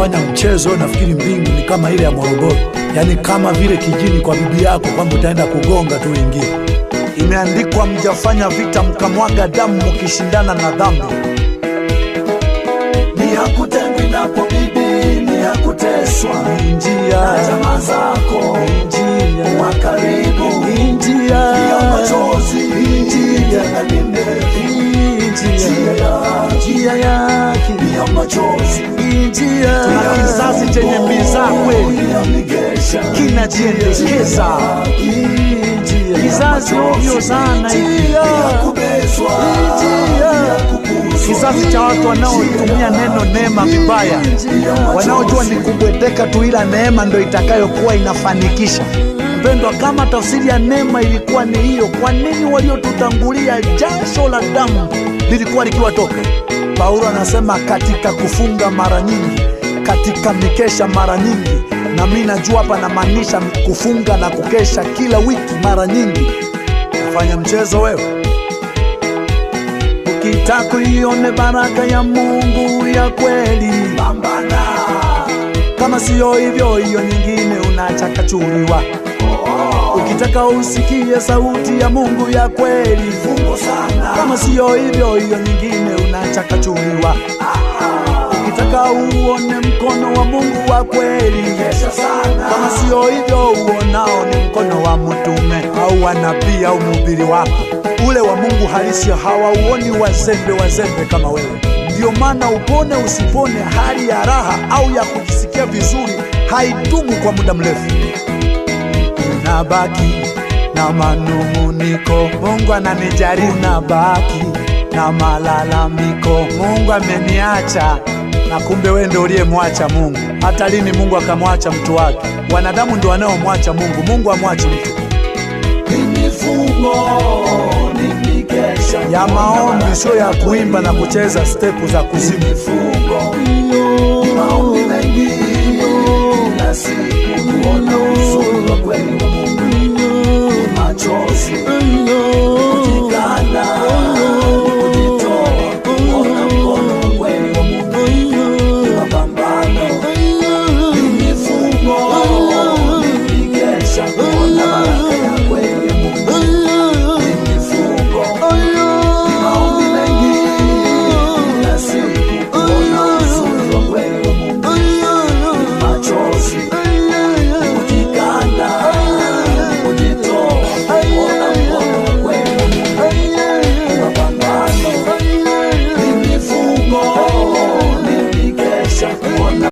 kufanya mchezo, nafikiri mbingu ni kama ile ya Morogoro, yaani kama vile kijini kwa bibi yako kwamba utaenda kugonga tu wengine Imeandikwa, mjafanya vita mkamwaga damu mkishindana na dhambi. Ni hakutendi napo bibi, ni hakuteswa njia jama zako njia wa karibu njia ya machozi njia ya nini njia ya njia machozi chenye mbiza kweli kinajiendekeza kizazi ovyo sana kizazi cha watu wanaotumia neno neema vibaya, wanaojua ni kubweteka tu, ila neema ndo itakayokuwa inafanikisha. Mpendwa, kama tafsiri ya neema ilikuwa ni hiyo, kwa nini waliotutangulia jasho la damu lilikuwa likiwatoka? Paulo anasema katika kufunga mara nyingi katika mikesha mara nyingi, na mi najua hapa namaanisha kufunga na kukesha kila wiki mara nyingi. Nafanya mchezo wewe, ukitaka uione baraka ya Mungu ya kweli, pambana. Kama siyo hivyo, hiyo nyingine unachakachuliwa. Ukitaka usikie sauti ya Mungu ya kweli, fungo sana. Kama siyo hivyo, hiyo nyingine unachakachuliwa. Ukitaka uone mkono wa Mungu wa kweli, kama sio hivyo uonao ni mkono wa mtume au wa nabii au mhubiri wako. Ule wa Mungu halisi hawauoni wazembe, wazembe kama wewe. Ndiyo maana upone usipone, hali ya raha au ya kujisikia vizuri haidumu kwa muda mrefu. Unabaki na manunguniko, Mungu ananijaribu. Unabaki na malalamiko, Mungu ameniacha na kumbe wewe ndio uliyemwacha Mungu. Hata lini Mungu akamwacha mtu wake? Wanadamu ndio wanaomwacha Mungu. Mungu amwachi mtu. Ya maombi sio ya kuimba na kucheza stepu za kuzimu.